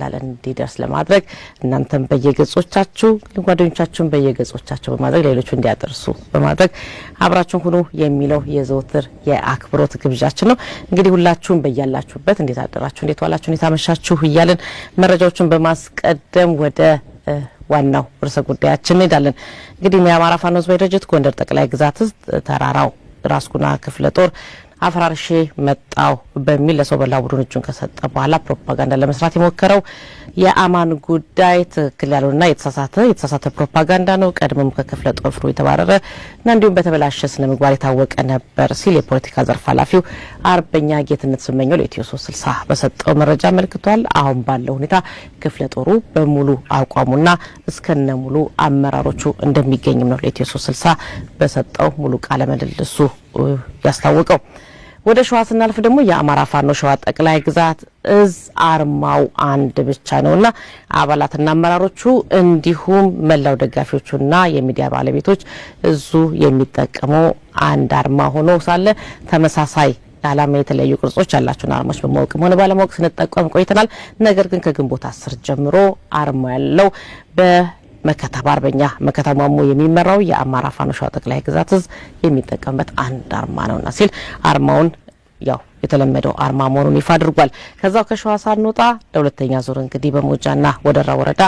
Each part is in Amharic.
በቀላለን እንዲደርስ ለማድረግ እናንተም በየገጾቻችሁ ጓደኞቻችሁን በየገጾቻችሁ በማድረግ ሌሎቹ እንዲያደርሱ በማድረግ አብራችሁን ሁኑ የሚለው የዘወትር የአክብሮት ግብዣችን ነው። እንግዲህ ሁላችሁም በያላችሁበት እንዴት አደራችሁ፣ እንዴት ዋላችሁ፣ እንዴት አመሻችሁ እያለን መረጃዎችን በማስቀደም ወደ ዋናው ርዕሰ ጉዳያችን እንሄዳለን። እንግዲህ የአማራ ፋኖ ህዝባዊ ድርጅት ጎንደር ጠቅላይ ግዛት ውስጥ ተራራው ራስኩና ክፍለ ጦር አፈራርሼ መጣው በሚል ለሶበላ ቡድን እጁን ከሰጠ በኋላ ፕሮፓጋንዳ ለመስራት የሞከረው የአማን ጉዳይ ትክክል ያልሆነና የተሳሳተ የተሳሳተ ፕሮፓጋንዳ ነው፣ ቀድሞም ከክፍለ ጦፍሩ የተባረረ እና እንዲሁም በተበላሸ ስነ ምግባር የታወቀ ነበር ሲል የፖለቲካ ዘርፍ ኃላፊው አርበኛ ጌትነት ስመኘው ለኢትዮ ሶስት ስልሳ በሰጠው መረጃ አመልክቷል። አሁን ባለው ሁኔታ ክፍለ ጦሩ በሙሉ አቋሙና እስከነ ሙሉ አመራሮቹ እንደሚገኝም ነው ለኢትዮ ሶስት ስልሳ በሰጠው ሙሉ ቃለ ምልልሱ ያስታወቀው። ወደ ሸዋ ስናልፍ ደግሞ የአማራ ፋኖ ሸዋ ጠቅላይ ግዛት እዝ አርማው አንድ ብቻ ነውና አባላትና አመራሮቹ እንዲሁም መላው ደጋፊዎቹና የሚዲያ ባለቤቶች እዙ የሚጠቀመው አንድ አርማ ሆኖ ሳለ ተመሳሳይ ለዓላማ የተለያዩ ቅርጾች ያላቸውን አርማዎች በማወቅም ሆነ ባለማወቅ ስንጠቀም ቆይተናል። ነገር ግን ከግንቦት አስር ጀምሮ አርማ ያለው መከታ አርበኛ መከታ የሚመራው የአማራ ፋኖ ሸዋ ጠቅላይ ግዛት እዝ የሚጠቀምበት አንድ አርማ ነውና ሲል አርማውን ያው የተለመደው አርማ መሆኑን ይፋ አድርጓል። ከዛው ከሸዋ ሳንወጣ ለሁለተኛ ዙር እንግዲህ በሞጃና ወደራ ወረዳ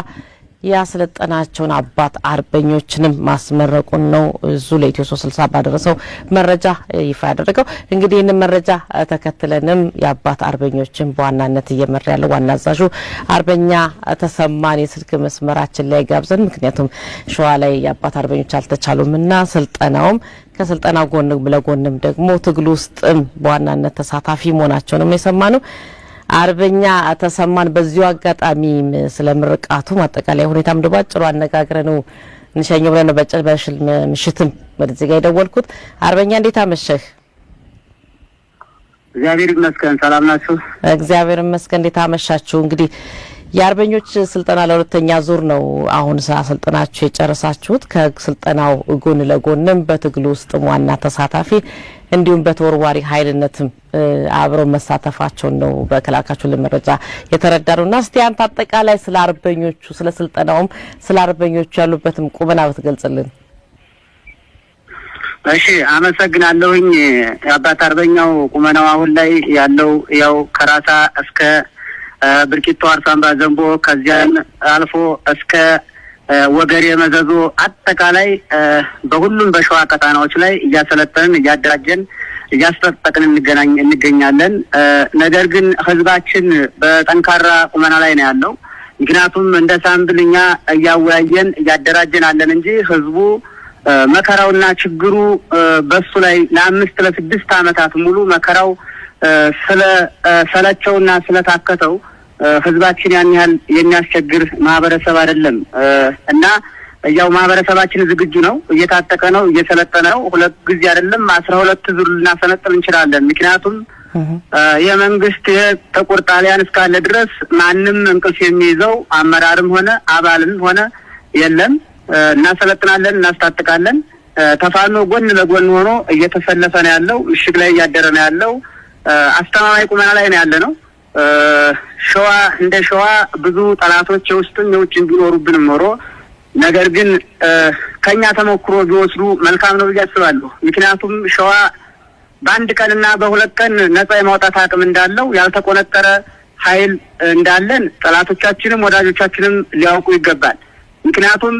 ያስለጠናቸውን አባት አርበኞችንም ማስመረቁን ነው እዙ ለኢትዮ ሶስት ስልሳ ባደረሰው መረጃ ይፋ ያደረገው። እንግዲህ ይህንን መረጃ ተከትለንም የአባት አርበኞችን በዋናነት እየመራ ያለው ዋና አዛዡ አርበኛ ተሰማን የስልክ መስመራችን ላይ ጋብዘን፣ ምክንያቱም ሸዋ ላይ የአባት አርበኞች አልተቻሉም እና ስልጠናውም ከስልጠናው ጎን ለጎንም ደግሞ ትግል ውስጥም በዋናነት ተሳታፊ መሆናቸው ነው የሰማ ነው። አርበኛ ተሰማን በዚሁ አጋጣሚ ስለ ምርቃቱ ማጠቃለያ ሁኔታም ደግሞ አጭሩ አነጋግረ ነው እንሸኘ ብለ ነው በጭር በሽል ምሽትም ወደዚህ ጋር የደወልኩት። አርበኛ እንዴት አመሸህ? እግዚአብሔር ይመስገን ሰላም ናችሁ? እግዚአብሔር ይመስገን። እንዴት አመሻችሁ? እንግዲህ የአርበኞች ስልጠና ለሁለተኛ ዙር ነው አሁን ስልጠናችሁ የጨረሳችሁት። ከስልጠናው ጎን ለጎንም በትግሉ ውስጥ ዋና ተሳታፊ እንዲሁም በተወርዋሪ ኃይልነትም አብረው መሳተፋቸውን ነው በከላካችሁን መረጃ የተረዳነው እና እስቲ አንተ አጠቃላይ ስለ አርበኞቹ ስለ ስልጠናውም ስለ አርበኞቹ ያሉበትም ቁመና ብትገልጽልን። እሺ አመሰግናለሁኝ። አባት አርበኛው ቁመናው አሁን ላይ ያለው ያው ከራሳ እስከ ብርቂቶ አርሳምባ ዘንቦ ከዚያን አልፎ እስከ ወገር የመዘዙ አጠቃላይ በሁሉም በሸዋ ቀጣናዎች ላይ እያሰለጠንን እያደራጀን እያስጠጠቅን እንገናኝ እንገኛለን። ነገር ግን ህዝባችን በጠንካራ ቁመና ላይ ነው ያለው። ምክንያቱም እንደ ሳምብል እኛ እያወያየን እያደራጀን አለን እንጂ ህዝቡ መከራውና ችግሩ በሱ ላይ ለአምስት ለስድስት አመታት ሙሉ መከራው ስለሰለቸውና ስለታከተው ህዝባችን ያን ያህል የሚያስቸግር ማህበረሰብ አይደለም እና ያው ማህበረሰባችን ዝግጁ ነው፣ እየታጠቀ ነው፣ እየሰለጠነ ነው። ሁለት ጊዜ አይደለም አስራ ሁለት ዙር ልናሰለጥን እንችላለን። ምክንያቱም የመንግስት ጥቁር ጣሊያን እስካለ ድረስ ማንም እንቅልፍ የሚይዘው አመራርም ሆነ አባልም ሆነ የለም። እናሰለጥናለን፣ እናስታጥቃለን። ተፋኖ ጎን ለጎን ሆኖ እየተሰለፈ ነው ያለው፣ ምሽግ ላይ እያደረ ነው ያለው። አስተማማኝ ቁመና ላይ ነው ያለ ነው። ሸዋ እንደ ሸዋ ብዙ ጠላቶች የውስጥም የውጭም ቢኖሩብንም ኖሮ ነገር ግን ከኛ ተሞክሮ ቢወስዱ መልካም ነው ብዬ አስባለሁ። ምክንያቱም ሸዋ በአንድ ቀንና በሁለት ቀን ነጻ የማውጣት አቅም እንዳለው ያልተቆነጠረ ኃይል እንዳለን ጠላቶቻችንም ወዳጆቻችንም ሊያውቁ ይገባል። ምክንያቱም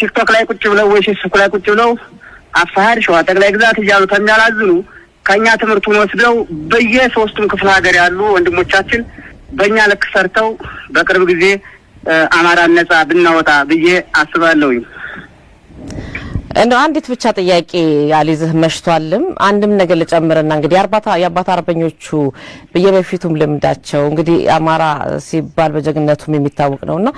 ቲክቶክ ላይ ቁጭ ብለው ወይ ፌስቡክ ላይ ቁጭ ብለው አፋሀድ ሸዋ ጠቅላይ ግዛት እያሉ ከሚያላዝኑ ከእኛ ትምህርቱን ወስደው በየሶስቱም ክፍለ ሀገር ያሉ ወንድሞቻችን በእኛ ልክ ሰርተው በቅርብ ጊዜ አማራን ነጻ ብናወጣ ብዬ አስባለሁኝ። እንደ አንዲት ብቻ ጥያቄ አሊዝህ መሽቷልም አንድም ነገር ልጨምርና እንግዲህ አርባታ የአባታ አርበኞቹ በየበፊቱም ልምዳቸው እንግዲህ አማራ ሲባል በጀግነቱም የሚታወቅ ነውና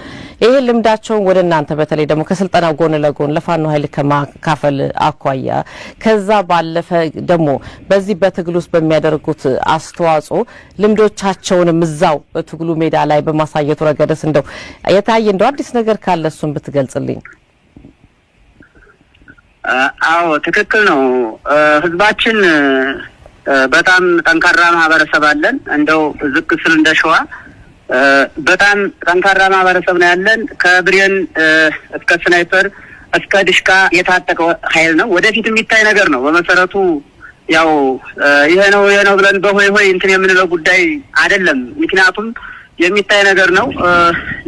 ይሄ ልምዳቸውን ወደ እናንተ በተለይ ደግሞ ከስልጠና ጎን ለጎን ለፋኖ ኃይል ከማካፈል አኳያ ከዛ ባለፈ ደግሞ በዚህ በትግል ውስጥ በሚያደርጉት አስተዋጽኦ ልምዶቻቸውንም እዛው በትግሉ ሜዳ ላይ በማሳየቱ ረገደስ እንደው የታየ እንደው አዲስ ነገር ካለ እሱን ብትገልጽልኝ። አዎ ትክክል ነው። ህዝባችን በጣም ጠንካራ ማህበረሰብ አለን። እንደው ዝቅ ስል እንደ ሸዋ በጣም ጠንካራ ማህበረሰብ ነው ያለን። ከብሬን እስከ ስናይፐር እስከ ድሽቃ የታጠቀ ኃይል ነው። ወደፊት የሚታይ ነገር ነው። በመሰረቱ ያው ይሄ ነው ይሄ ነው ብለን በሆይ ሆይ እንትን የምንለው ጉዳይ አይደለም። ምክንያቱም የሚታይ ነገር ነው።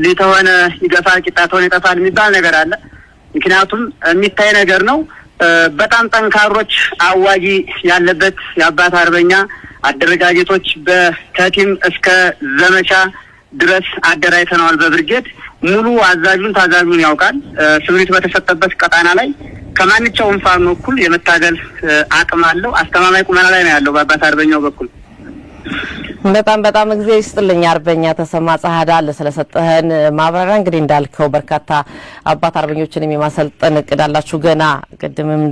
ሊተሆነ ይገፋል፣ ቂጣ ተሆነ ይጠፋል የሚባል ነገር አለ። ምክንያቱም የሚታይ ነገር ነው። በጣም ጠንካሮች አዋጊ ያለበት የአባት አርበኛ አደረጃጀቶች በከቲም እስከ ዘመቻ ድረስ አደራጅተነዋል። በብርጌድ ሙሉ አዛዡን ታዛዡን ያውቃል። ስምሪት በተሰጠበት ቀጣና ላይ ከማንኛውም ፋኖ እኩል የመታገል አቅም አለው። አስተማማኝ ቁመና ላይ ነው ያለው በአባት አርበኛው በኩል በጣም በጣም እግዚአብሔር ይስጥልኝ አርበኛ ተሰማ ጸሀዳ ስለሰጠህን ማብራሪያ። እንግዲህ እንዳልከው በርካታ አባት አርበኞችን የማሰልጠን እቅድ አላችሁ ገና ቅድምም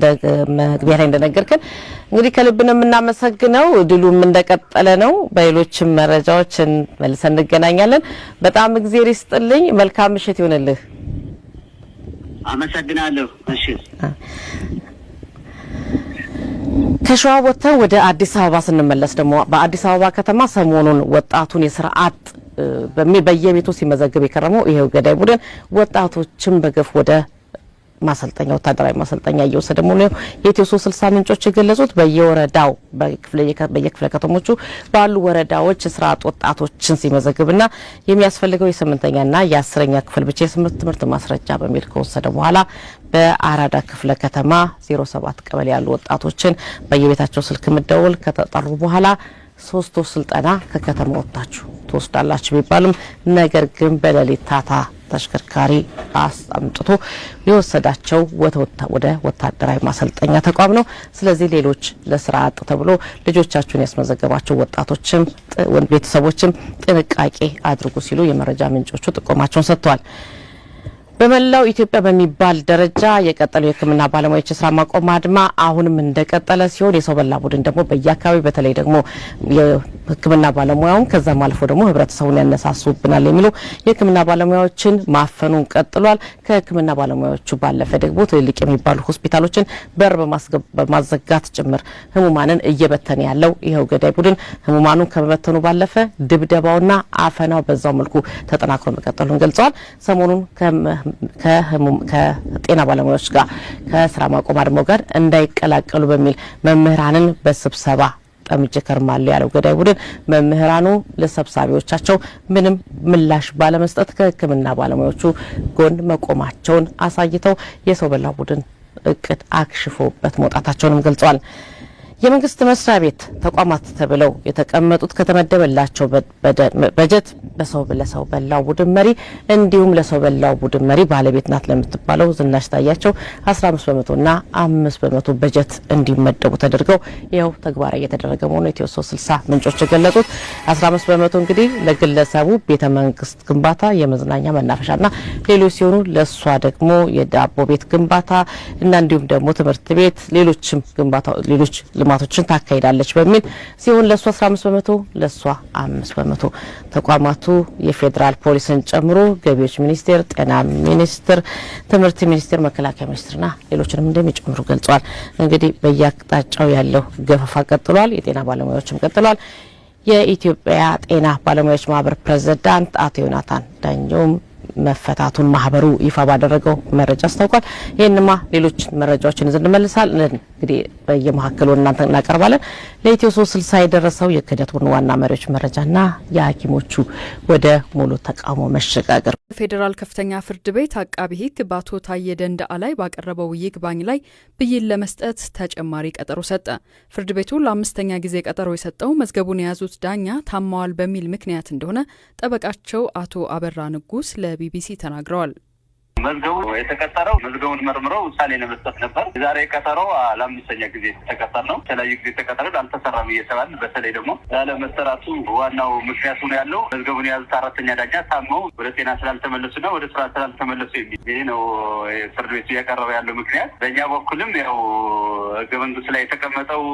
መግቢያ ላይ እንደነገርከን እንግዲህ ከልብን የምናመሰግነው ድሉም እንደቀጠለ ነው። በሌሎችም መረጃዎች መልሰን እንገናኛለን። በጣም እግዚአብሔር ይስጥልኝ። መልካም ምሽት ይሆንልህ። አመሰግናለሁ። እሺ ከሸዋ ወጥተን ወደ አዲስ አበባ ስንመለስ ደግሞ በአዲስ አበባ ከተማ ሰሞኑን ወጣቱን የስራ አጥ በየቤቱ ሲመዘግብ የከረመው ይሄው ገዳይ ቡድን ወጣቶችን በገፍ ወደ ማሰልጠኛ ወታደራዊ ማሰልጠኛ እየወሰደ መሆኑ የኢትዮ ሶስት ስልሳ ምንጮች የገለጹት። በየወረዳው በየክፍለ ከተሞቹ ባሉ ወረዳዎች ስራ አጥ ወጣቶችን ሲመዘግብና የሚያስፈልገው የስምንተኛና የአስረኛ ክፍል ብቻ የስምንት ትምህርት ማስረጃ በሚል ከወሰደ በኋላ በአራዳ ክፍለ ከተማ ሰባት ቀበሌ ያሉ ወጣቶችን በየቤታቸው ስልክ መደወል ከተጠሩ በኋላ ሶስቱ ስልጠና ከከተማ ወጥታችሁ ትወስዳላችሁ ቢባልም ነገር ግን በሌሊት ታታ ተሽከርካሪ አስጠምጥቶ የወሰዳቸው ወደ ወታደራዊ ማሰልጠኛ ተቋም ነው። ስለዚህ ሌሎች ለስራ አጥ ተብሎ ልጆቻችሁን ያስመዘገባቸው ወጣቶችም ቤተሰቦችም ጥንቃቄ አድርጉ ሲሉ የመረጃ ምንጮቹ ጥቆማቸውን ሰጥተዋል። በመላው ኢትዮጵያ በሚባል ደረጃ የቀጠለው የሕክምና ባለሙያዎች የስራ ማቆም አድማ አሁንም እንደቀጠለ ሲሆን የሰው በላ ቡድን ደግሞ በየአካባቢ በተለይ ደግሞ የሕክምና ባለሙያውን ከዛም አልፎ ደግሞ ህብረተሰቡን ያነሳሱብናል የሚሉ የሕክምና ባለሙያዎችን ማፈኑን ቀጥሏል። ከሕክምና ባለሙያዎቹ ባለፈ ደግሞ ትልልቅ የሚባሉ ሆስፒታሎችን በር በማዘጋት ጭምር ህሙማንን እየበተነ ያለው ይኸው ገዳይ ቡድን ህሙማኑን ከመበተኑ ባለፈ ድብደባውና አፈናው በዛው መልኩ ተጠናክሮ መቀጠሉን ገልጸዋል። ሰሞኑን ከጤና ባለሙያዎች ጋር ከስራ ማቆም አድሞ ጋር እንዳይቀላቀሉ በሚል መምህራንን በስብሰባ ጠምጄ ከርማለሁ ያለው ገዳይ ቡድን መምህራኑ ለሰብሳቢዎቻቸው ምንም ምላሽ ባለመስጠት ከሕክምና ባለሙያዎቹ ጎን መቆማቸውን አሳይተው የሰው በላ ቡድን እቅድ አክሽፎበት መውጣታቸውንም ገልጸዋል። የመንግስት መስሪያ ቤት ተቋማት ተብለው የተቀመጡት ከተመደበላቸው በጀት በሰው ለሰው በላው ቡድን መሪ እንዲሁም ለሰው በላው ቡድን መሪ ባለቤት ናት ለምትባለው ዝናሽ ታያቸው 15 በመቶ እና 5 በመቶ በጀት እንዲመደቡ ተደርገው ይኸው ተግባራዊ እየተደረገ መሆኑ ኢትዮ 360 ምንጮች የገለጹት 15 በመቶ እንግዲህ ለግለሰቡ ቤተ መንግስት ግንባታ፣ የመዝናኛ መናፈሻና ሌሎች ሲሆኑ ለእሷ ደግሞ የዳቦ ቤት ግንባታ እና እንዲሁም ደግሞ ትምህርት ቤት ሌሎችም ግንባታ ሌሎች ተቋማቶችን ታካሂዳለች በሚል ሲሆን ለእሱ 15 በመቶ ለእሷ 5 በመቶ ተቋማቱ የፌዴራል ፖሊስን ጨምሮ ገቢዎች ሚኒስቴር፣ ጤና ሚኒስቴር፣ ትምህርት ሚኒስቴር፣ መከላከያ ሚኒስቴርና ሌሎችንም እንደሚጨምሩ ገልጸዋል። እንግዲህ በየአቅጣጫው ያለው ገፈፋ ቀጥሏል። የጤና ባለሙያዎችም ቀጥሏል። የኢትዮጵያ ጤና ባለሙያዎች ማህበር ፕሬዝዳንት አቶ ዮናታን ዳኘውም መፈታቱን ማህበሩ ይፋ ባደረገው መረጃ አስታውቋል። ይህንማ ሌሎች መረጃዎችን እንመልሳለን እንግዲህ በየመካከሉ እናንተ እናቀርባለን። ለኢትዮ ሶስት ስልሳ የደረሰው የክህደት ዋና መሪዎች መረጃና የሐኪሞቹ ወደ ሙሉ ተቃውሞ መሸጋገር ፌዴራል ከፍተኛ ፍርድ ቤት አቃቢ ህግ በአቶ ታዬ ደንዳአ ላይ ባቀረበው ይግባኝ ላይ ብይን ለመስጠት ተጨማሪ ቀጠሮ ሰጠ። ፍርድ ቤቱ ለአምስተኛ ጊዜ ቀጠሮ የሰጠው መዝገቡን የያዙት ዳኛ ታማዋል በሚል ምክንያት እንደሆነ ጠበቃቸው አቶ አበራ ንጉስ ለቢቢሲ ተናግረዋል። መዝገቡ የተቀጠረው መዝገቡን መርምረው ውሳኔ ለመስጠት ነበር። የዛሬ ቀጠሮ ለአምስተኛ ጊዜ ተቀጠር ነው። የተለያዩ ጊዜ ተቀጠረ አልተሰራም እየተባል በተለይ ደግሞ ላለመሰራቱ ዋናው ምክንያቱ ነው ያለው መዝገቡን የያዙት አራተኛ ዳኛ ታመው ወደ ጤና ስላልተመለሱና ወደ ስራ ስላልተመለሱ የሚል ይህ ነው ፍርድ ቤቱ እያቀረበ ያለው ምክንያት። በእኛ በኩልም ያው ህገ መንግስት ላይ የተቀመጠው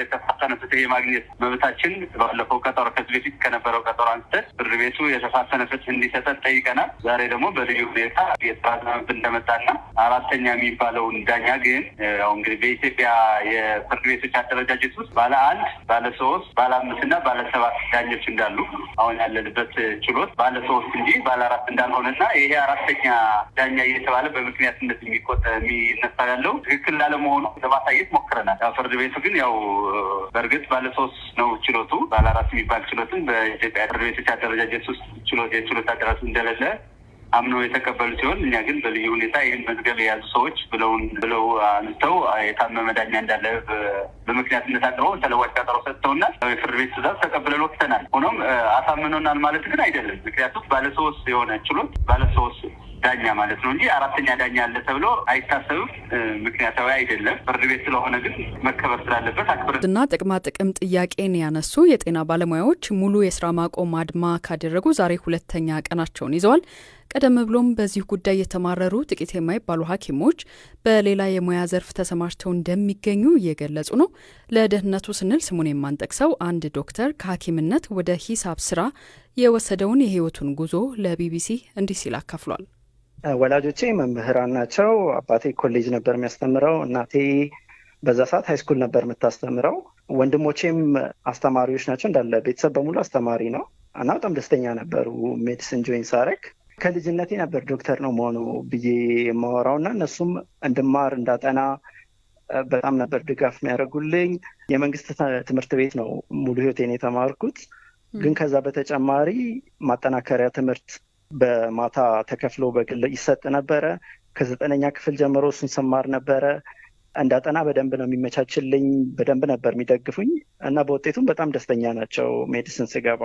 የተፋጠነ ፍትህ የማግኘት መብታችን ባለፈው ቀጠሮ ከዚህ በፊት ከነበረው ቀጠሮ አንስተን ፍርድ ቤቱ የተፋጠነ ፍትህ እንዲሰጠን ጠይቀናል። ዛሬ ደግሞ በልዩ ሁኔታ የስርዓት መብት እንደመጣና አራተኛ የሚባለውን ዳኛ ግን ያው እንግዲህ በኢትዮጵያ የፍርድ ቤቶች አደረጃጀት ውስጥ ባለ አንድ፣ ባለ ሶስት፣ ባለ አምስት እና ባለ ሰባት ዳኞች እንዳሉ አሁን ያለንበት ችሎት ባለ ሶስት እንጂ ባለ አራት እንዳልሆነና ይሄ አራተኛ ዳኛ እየተባለ በምክንያትነት የሚቆጠ የሚነሳ ያለው ትክክል ላለመሆኑ ለማሳየት ሞክረናል። ፍርድ ቤቱ ግን ያው በእርግጥ ባለ ሶስት ነው ችሎቱ ባለ አራት የሚባል ችሎትን በኢትዮጵያ ፍርድ ቤቶች አደረጃጀት ውስጥ ችሎት የችሎት አደራጅ እንደሌለ አምነው የተቀበሉ ሲሆን እኛ ግን በልዩ ሁኔታ ይህን መዝገብ የያዙ ሰዎች ብለውን ብለው አንስተው የታመመ ዳኛ እንዳለ በምክንያትነት አቅርበው ተለዋጭ ቀጠሮ ሰጥተውና የፍርድ ቤት ትዕዛዝ ተቀብለን ወቅተናል። ሆኖም አሳምኖናል ማለት ግን አይደለም። ምክንያቱም ባለሶስት የሆነ ችሎት ባለሶስት ዳኛ ማለት ነው እንጂ አራተኛ ዳኛ አለ ተብሎ አይታሰብም። ምክንያታዊ አይደለም። ፍርድ ቤት ስለሆነ ግን መከበር ስላለበት አክብር ጥቅማ ጥቅም ጥያቄን ያነሱ የጤና ባለሙያዎች ሙሉ የስራ ማቆም አድማ ካደረጉ ዛሬ ሁለተኛ ቀናቸውን ይዘዋል። ቀደም ብሎም በዚህ ጉዳይ የተማረሩ ጥቂት የማይባሉ ሐኪሞች በሌላ የሙያ ዘርፍ ተሰማርተው እንደሚገኙ እየገለጹ ነው። ለደህንነቱ ስንል ስሙን የማንጠቅሰው አንድ ዶክተር ከሐኪምነት ወደ ሂሳብ ስራ የወሰደውን የህይወቱን ጉዞ ለቢቢሲ እንዲህ ሲል አካፍሏል። ወላጆቼ መምህራን ናቸው። አባቴ ኮሌጅ ነበር የሚያስተምረው። እናቴ በዛ ሰዓት ሃይስኩል ነበር የምታስተምረው። ወንድሞቼም አስተማሪዎች ናቸው። እንዳለ ቤተሰብ በሙሉ አስተማሪ ነው እና በጣም ደስተኛ ነበሩ። ሜዲሲን ጆይን ሳረክ ከልጅነቴ ነበር ዶክተር ነው መሆኑ ብዬ የማወራው እና እነሱም እንድማር እንዳጠና በጣም ነበር ድጋፍ የሚያደርጉልኝ። የመንግስት ትምህርት ቤት ነው ሙሉ ህይወቴን የተማርኩት። ግን ከዛ በተጨማሪ ማጠናከሪያ ትምህርት በማታ ተከፍሎ በግል ይሰጥ ነበረ። ከዘጠነኛ ክፍል ጀምሮ እሱን ስማር ነበረ። እንዳጠና በደንብ ነው የሚመቻችልኝ፣ በደንብ ነበር የሚደግፉኝ እና በውጤቱም በጣም ደስተኛ ናቸው። ሜዲሲን ስገባ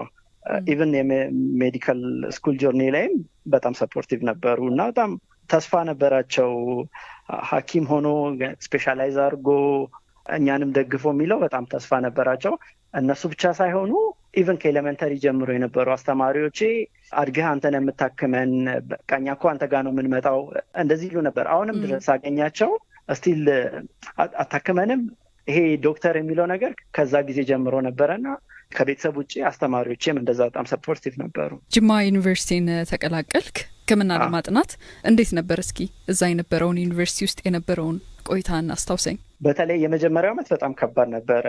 ኢቨን የሜዲካል ስኩል ጆርኒ ላይም በጣም ሰፖርቲቭ ነበሩ እና በጣም ተስፋ ነበራቸው። ሀኪም ሆኖ ስፔሻላይዝ አድርጎ እኛንም ደግፎ የሚለው በጣም ተስፋ ነበራቸው። እነሱ ብቻ ሳይሆኑ ኢቨን ከኤሌመንተሪ ጀምሮ የነበሩ አስተማሪዎቼ አድገህ አንተን የምታክመን ቀኛ እኮ አንተ ጋር ነው የምንመጣው እንደዚህ ይሉ ነበር። አሁንም ድረስ አገኛቸው ስቲል አታክመንም ይሄ ዶክተር የሚለው ነገር ከዛ ጊዜ ጀምሮ ነበረና ከቤተሰብ ውጭ አስተማሪዎቼም እንደዛ በጣም ሰፖርቲቭ ነበሩ። ጅማ ዩኒቨርሲቲን ተቀላቀልክ ህክምና ለማጥናት እንዴት ነበር? እስኪ እዛ የነበረውን ዩኒቨርሲቲ ውስጥ የነበረውን ቆይታ አስታውሰኝ። በተለይ የመጀመሪያው ዓመት በጣም ከባድ ነበረ።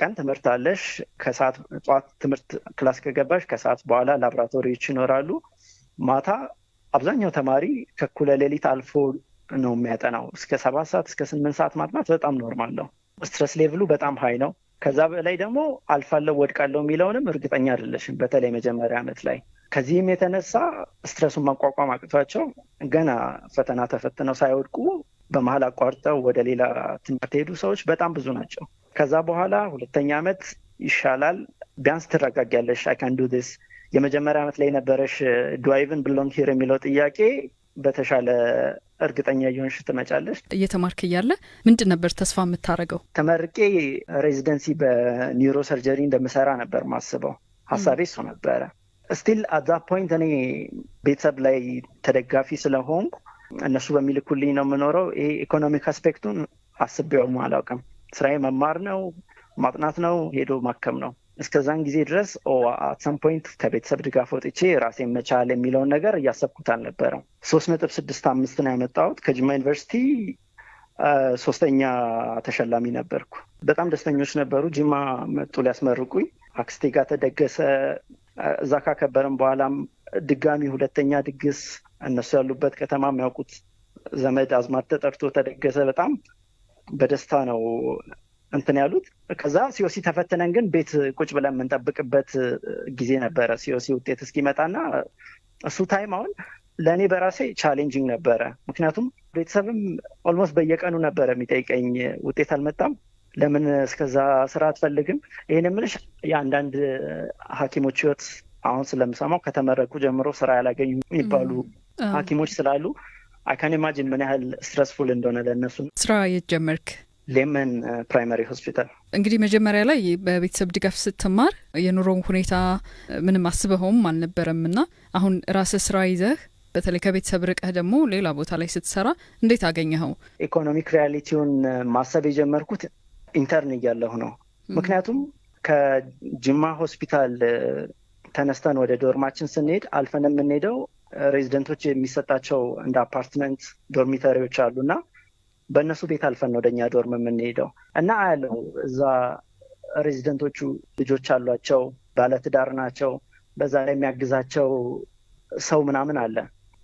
ቀን ትምህርት አለሽ፣ ከሰዓት ጠዋት ትምህርት ክላስ ከገባሽ ከሰዓት በኋላ ላብራቶሪዎች ይኖራሉ። ማታ አብዛኛው ተማሪ ከኩለ ሌሊት አልፎ ነው የሚያጠናው። እስከ ሰባት ሰዓት እስከ ስምንት ሰዓት ማጥናት በጣም ኖርማል ነው። ስትረስ ሌቭሉ በጣም ሀይ ነው። ከዛ በላይ ደግሞ አልፋለው ወድቃለው የሚለውንም እርግጠኛ አይደለሽም፣ በተለይ መጀመሪያ ዓመት ላይ። ከዚህም የተነሳ ስትረሱን ማቋቋም አቅቷቸው ገና ፈተና ተፈትነው ሳይወድቁ በመሀል አቋርጠው ወደ ሌላ ትምህርት ሄዱ ሰዎች በጣም ብዙ ናቸው። ከዛ በኋላ ሁለተኛ ዓመት ይሻላል፣ ቢያንስ ትረጋግ ያለሽ አይካን ዱ ስ የመጀመሪያ ዓመት ላይ የነበረሽ ድዋይቭን ብሎንግ ሂር የሚለው ጥያቄ በተሻለ እርግጠኛ እየሆንሽ ትመጫለሽ። እየተማርክ እያለ ምንድን ነበር ተስፋ የምታደርገው? ተመርቄ ሬዚደንሲ በኒውሮ ሰርጀሪ እንደምሰራ ነበር ማስበው። ሀሳቤ እሱ ነበረ። ስቲል አዛ ፖይንት እኔ ቤተሰብ ላይ ተደጋፊ ስለሆንኩ እነሱ በሚልኩልኝ ነው የምኖረው። ይሄ ኢኮኖሚክ አስፔክቱን አስቤውም አላውቅም። ስራዬ መማር ነው ማጥናት ነው ሄዶ ማከም ነው። እስከዛን ጊዜ ድረስ አትሰም ፖይንት ከቤተሰብ ድጋፍ ወጥቼ ራሴ መቻል የሚለውን ነገር እያሰብኩት አልነበረም። ሶስት ነጥብ ስድስት አምስት ነው ያመጣሁት። ከጅማ ዩኒቨርሲቲ ሶስተኛ ተሸላሚ ነበርኩ። በጣም ደስተኞች ነበሩ። ጅማ መጡ ሊያስመርቁኝ። አክስቴ ጋር ተደገሰ። እዛ ካከበረም በኋላም ድጋሚ ሁለተኛ ድግስ እነሱ ያሉበት ከተማ የሚያውቁት ዘመድ አዝማድ ተጠርቶ ተደገሰ። በጣም በደስታ ነው እንትን ያሉት ከዛ ሲኦሲ ተፈትነን ግን ቤት ቁጭ ብለን የምንጠብቅበት ጊዜ ነበረ። ሲዮሲ ውጤት እስኪመጣና እሱ ታይም አሁን ለእኔ በራሴ ቻሌንጂንግ ነበረ። ምክንያቱም ቤተሰብም ኦልሞስት በየቀኑ ነበረ የሚጠይቀኝ ውጤት አልመጣም፣ ለምን እስከዛ ስራ አትፈልግም? ይህን ምልሽ የአንዳንድ ሀኪሞች ህይወት አሁን ስለምሰማው ከተመረቁ ጀምሮ ስራ ያላገኙ የሚባሉ ሀኪሞች ስላሉ አይካን ኢማጂን ምን ያህል ስትረስፉል እንደሆነ ለእነሱ ስራ የጀመርክ ሌመን ፕራይማሪ ሆስፒታል። እንግዲህ መጀመሪያ ላይ በቤተሰብ ድጋፍ ስትማር የኑሮን ሁኔታ ምንም አስበኸውም አልነበረም እና አሁን ራስ ስራ ይዘህ በተለይ ከቤተሰብ ርቀህ ደግሞ ሌላ ቦታ ላይ ስትሰራ እንዴት አገኘኸው? ኢኮኖሚክ ሪያሊቲውን ማሰብ የጀመርኩት ኢንተርን እያለሁ ነው። ምክንያቱም ከጅማ ሆስፒታል ተነስተን ወደ ዶርማችን ስንሄድ አልፈን የምንሄደው ሬዚደንቶች የሚሰጣቸው እንደ አፓርትመንት ዶርሚተሪዎች አሉና በእነሱ ቤት አልፈን ነው ወደኛ ዶርም የምንሄደው እና አያለው እዛ ሬዚደንቶቹ ልጆች አሏቸው፣ ባለትዳር ናቸው። በዛ ላይ የሚያግዛቸው ሰው ምናምን አለ።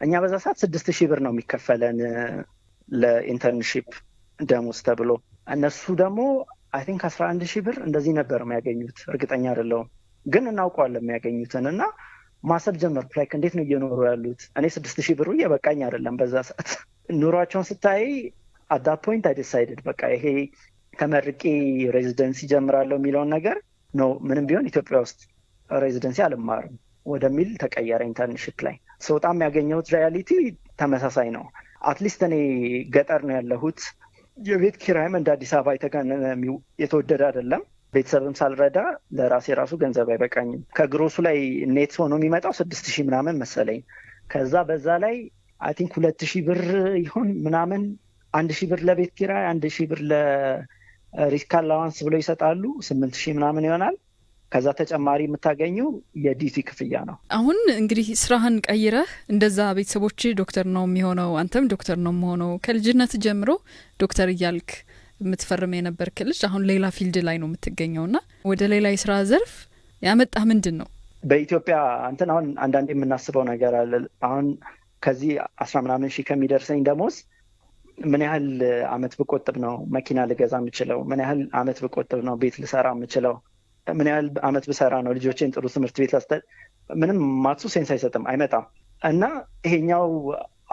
እኛ በዛ ሰዓት ስድስት ሺህ ብር ነው የሚከፈለን ለኢንተርንሺፕ ደሞስ ተብሎ እነሱ ደግሞ አይን አስራ አንድ ሺህ ብር እንደዚህ ነበር የሚያገኙት። እርግጠኛ አይደለሁም ግን እናውቀዋለን የሚያገኙትን እና ማሰብ ጀመር ላይክ እንዴት ነው እየኖሩ ያሉት? እኔ ስድስት ሺህ ብሩ እየበቃኝ አደለም በዛ ሰዓት ኑሯቸውን ስታይ አዳ ፖይንት አይ ዲሳይድድ በቃ ይሄ ተመርቄ ሬዚደንሲ ጀምራለሁ የሚለውን ነገር ነው ምንም ቢሆን ኢትዮጵያ ውስጥ ሬዚደንሲ አልማርም ወደሚል ተቀየረ። ኢንተርንሽፕ ላይ በጣም ያገኘሁት ሪያሊቲ ተመሳሳይ ነው። አትሊስት እኔ ገጠር ነው ያለሁት። የቤት ኪራይም እንደ አዲስ አበባ የተጋነነ የተወደደ አይደለም። ቤተሰብም ሳልረዳ ለራሴ ራሱ ገንዘብ አይበቃኝም። ከግሮሱ ላይ ኔት ሆኖ የሚመጣው ስድስት ሺህ ምናምን መሰለኝ። ከዛ በዛ ላይ አይ ቲንክ ሁለት ሺህ ብር ይሆን ምናምን አንድ ሺህ ብር ለቤት ኪራይ፣ አንድ ሺህ ብር ለሪስክ አላዋንስ ብለው ይሰጣሉ። ስምንት ሺህ ምናምን ይሆናል። ከዛ ተጨማሪ የምታገኘው የዲሲ ክፍያ ነው። አሁን እንግዲህ ስራህን ቀይረህ እንደዛ ቤተሰቦች ዶክተር ነው የሚሆነው አንተም ዶክተር ነው የሚሆነው ከልጅነት ጀምሮ ዶክተር እያልክ የምትፈርም የነበርክ ልጅ አሁን ሌላ ፊልድ ላይ ነው የምትገኘውና ወደ ሌላ የስራ ዘርፍ ያመጣ ምንድን ነው? በኢትዮጵያ አንተን አሁን አንዳንዴ የምናስበው ነገር አለ። አሁን ከዚህ አስራ ምናምን ሺህ ከሚደርሰኝ ደሞዝ ምን ያህል አመት ብቆጥብ ነው መኪና ልገዛ የምችለው? ምን ያህል አመት ብቆጥብ ነው ቤት ልሰራ የምችለው? ምን ያህል አመት ብሰራ ነው ልጆቼን ጥሩ ትምህርት ቤት ላስተ ምንም ማሱ ሴንስ አይሰጥም፣ አይመጣም። እና ይሄኛው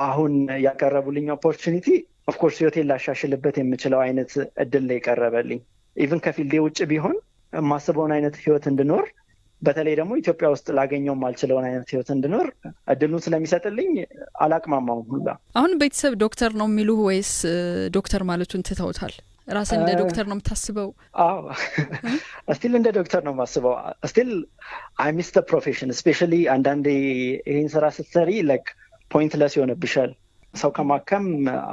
አሁን ያቀረቡልኝ ኦፖርቹኒቲ ኦፍኮርስ ህይወቴን ላሻሽልበት የምችለው አይነት እድል ላይ የቀረበልኝ። ኢቨን ከፊልዴ ውጭ ቢሆን የማስበውን አይነት ህይወት እንድኖር በተለይ ደግሞ ኢትዮጵያ ውስጥ ላገኘው ማልችለውን አይነት ህይወት እንድኖር እድሉን ስለሚሰጥልኝ አላቅማማውም ሁላ። አሁን ቤተሰብ ዶክተር ነው የሚሉ ወይስ ዶክተር ማለቱን ትተውታል? ራስ እንደ ዶክተር ነው የምታስበው? አዎ ስቲል እንደ ዶክተር ነው የማስበው። ስቲል አይ ሚስ ፕሮፌሽን እስፔሻሊ አንዳንዴ ይህን ስራ ስትሰሪ ፖይንት ለስ ይሆንብሻል። ሰው ከማከም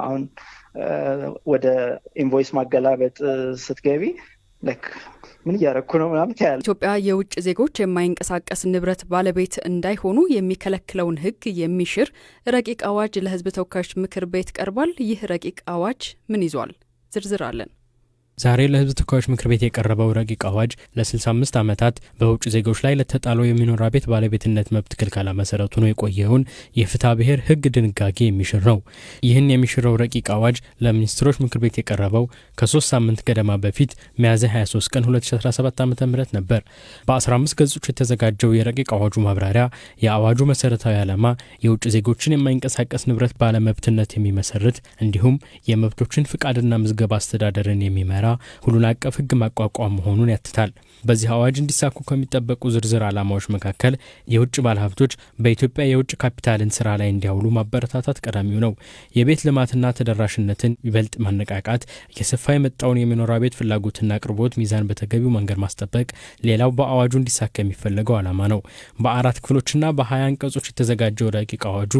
አሁን ወደ ኢንቮይስ ማገላበጥ ስትገቢ ምን እያረኩ ነው ምናምን ያለ ኢትዮጵያ የውጭ ዜጎች የማይንቀሳቀስ ንብረት ባለቤት እንዳይሆኑ የሚከለክለውን ህግ የሚሽር ረቂቅ አዋጅ ለህዝብ ተወካዮች ምክር ቤት ቀርቧል። ይህ ረቂቅ አዋጅ ምን ይዟል? ዝርዝር አለን። ዛሬ ለህዝብ ተወካዮች ምክር ቤት የቀረበው ረቂቅ አዋጅ ለ65 ዓመታት በውጭ ዜጎች ላይ ለተጣለው የመኖሪያ ቤት ባለቤትነት መብት ክልከላ መሰረቱ ነው የቆየውን የፍትሐ ብሔር ህግ ድንጋጌ የሚሽር ነው። ይህን የሚሽረው ረቂቅ አዋጅ ለሚኒስትሮች ምክር ቤት የቀረበው ከሶስት ሳምንት ገደማ በፊት ሚያዝያ 23 ቀን 2017 ዓ ም ነበር። በ15 ገጾች የተዘጋጀው የረቂቅ አዋጁ ማብራሪያ የአዋጁ መሰረታዊ ዓላማ የውጭ ዜጎችን የማይንቀሳቀስ ንብረት ባለመብትነት የሚመሰርት እንዲሁም የመብቶችን ፍቃድና ምዝገባ አስተዳደርን የሚመራ ሁሉን አቀፍ ህግ ማቋቋም መሆኑን ያትታል። በዚህ አዋጅ እንዲሳኩ ከሚጠበቁ ዝርዝር ዓላማዎች መካከል የውጭ ባለሀብቶች በኢትዮጵያ የውጭ ካፒታልን ስራ ላይ እንዲያውሉ ማበረታታት ቀዳሚው ነው። የቤት ልማትና ተደራሽነትን ይበልጥ ማነቃቃት፣ የስፋ የመጣውን የመኖሪያ ቤት ፍላጎትና አቅርቦት ሚዛን በተገቢው መንገድ ማስጠበቅ ሌላው በአዋጁ እንዲሳካ የሚፈለገው ዓላማ ነው። በአራት ክፍሎችና በሀያ አንቀጾች የተዘጋጀው ረቂቅ አዋጁ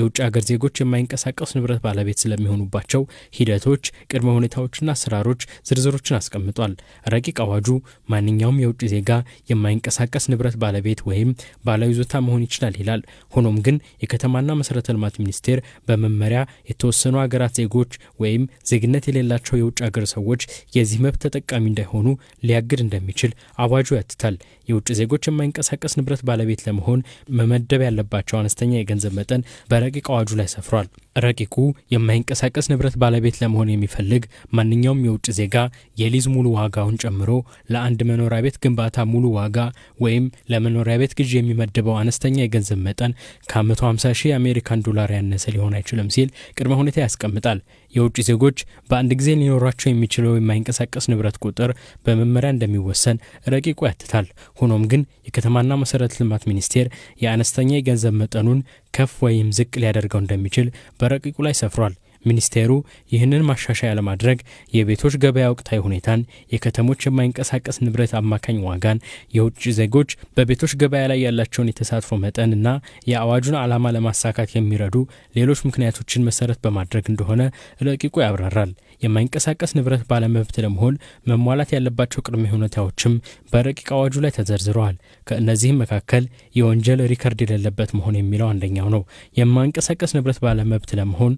የውጭ ሀገር ዜጎች የማይንቀሳቀስ ንብረት ባለቤት ስለሚሆኑባቸው ሂደቶች፣ ቅድመ ሁኔታዎችና አሰራሮች ዝርዝሮችን አስቀምጧል። ረቂቅ አዋጁ ማንኛውም የውጭ ዜጋ የማይንቀሳቀስ ንብረት ባለቤት ወይም ባለይዞታ መሆን ይችላል ይላል። ሆኖም ግን የከተማና መሰረተ ልማት ሚኒስቴር በመመሪያ የተወሰኑ ሀገራት ዜጎች ወይም ዜግነት የሌላቸው የውጭ ሀገር ሰዎች የዚህ መብት ተጠቃሚ እንዳይሆኑ ሊያግድ እንደሚችል አዋጁ ያትታል። የውጭ ዜጎች የማይንቀሳቀስ ንብረት ባለቤት ለመሆን መመደብ ያለባቸው አነስተኛ የገንዘብ መጠን በረቂቅ አዋጁ ላይ ሰፍሯል። ረቂቁ የማይንቀሳቀስ ንብረት ባለቤት ለመሆን የሚፈልግ ማንኛውም የውጭ ዜጋ የሊዝ ሙሉ ዋጋውን ጨምሮ ለአንድ መኖሪያ ቤት ግንባታ ሙሉ ዋጋ ወይም ለመኖሪያ ቤት ግዢ የሚመደበው አነስተኛ የገንዘብ መጠን ከ150 ሺህ የአሜሪካን ዶላር ያነሰ ሊሆን አይችልም ሲል ቅድመ ሁኔታ ያስቀምጣል። የውጭ ዜጎች በአንድ ጊዜ ሊኖራቸው የሚችለው የማይንቀሳቀስ ንብረት ቁጥር በመመሪያ እንደሚወሰን ረቂቁ ያትታል። ሆኖም ግን የከተማና መሰረተ ልማት ሚኒስቴር የአነስተኛ የገንዘብ መጠኑን ከፍ ወይም ዝቅ ሊያደርገው እንደሚችል በረቂቁ ላይ ሰፍሯል። ሚኒስቴሩ ይህንን ማሻሻያ ለማድረግ የቤቶች ገበያ ወቅታዊ ሁኔታን፣ የከተሞች የማይንቀሳቀስ ንብረት አማካኝ ዋጋን፣ የውጭ ዜጎች በቤቶች ገበያ ላይ ያላቸውን የተሳትፎ መጠን እና የአዋጁን ዓላማ ለማሳካት የሚረዱ ሌሎች ምክንያቶችን መሰረት በማድረግ እንደሆነ ረቂቁ ያብራራል። የማይንቀሳቀስ ንብረት ባለመብት ለመሆን መሟላት ያለባቸው ቅድመ ሁኔታዎችም በረቂቅ አዋጁ ላይ ተዘርዝረዋል። ከእነዚህም መካከል የወንጀል ሪከርድ የሌለበት መሆን የሚለው አንደኛው ነው። የማይንቀሳቀስ ንብረት ባለመብት ለመሆን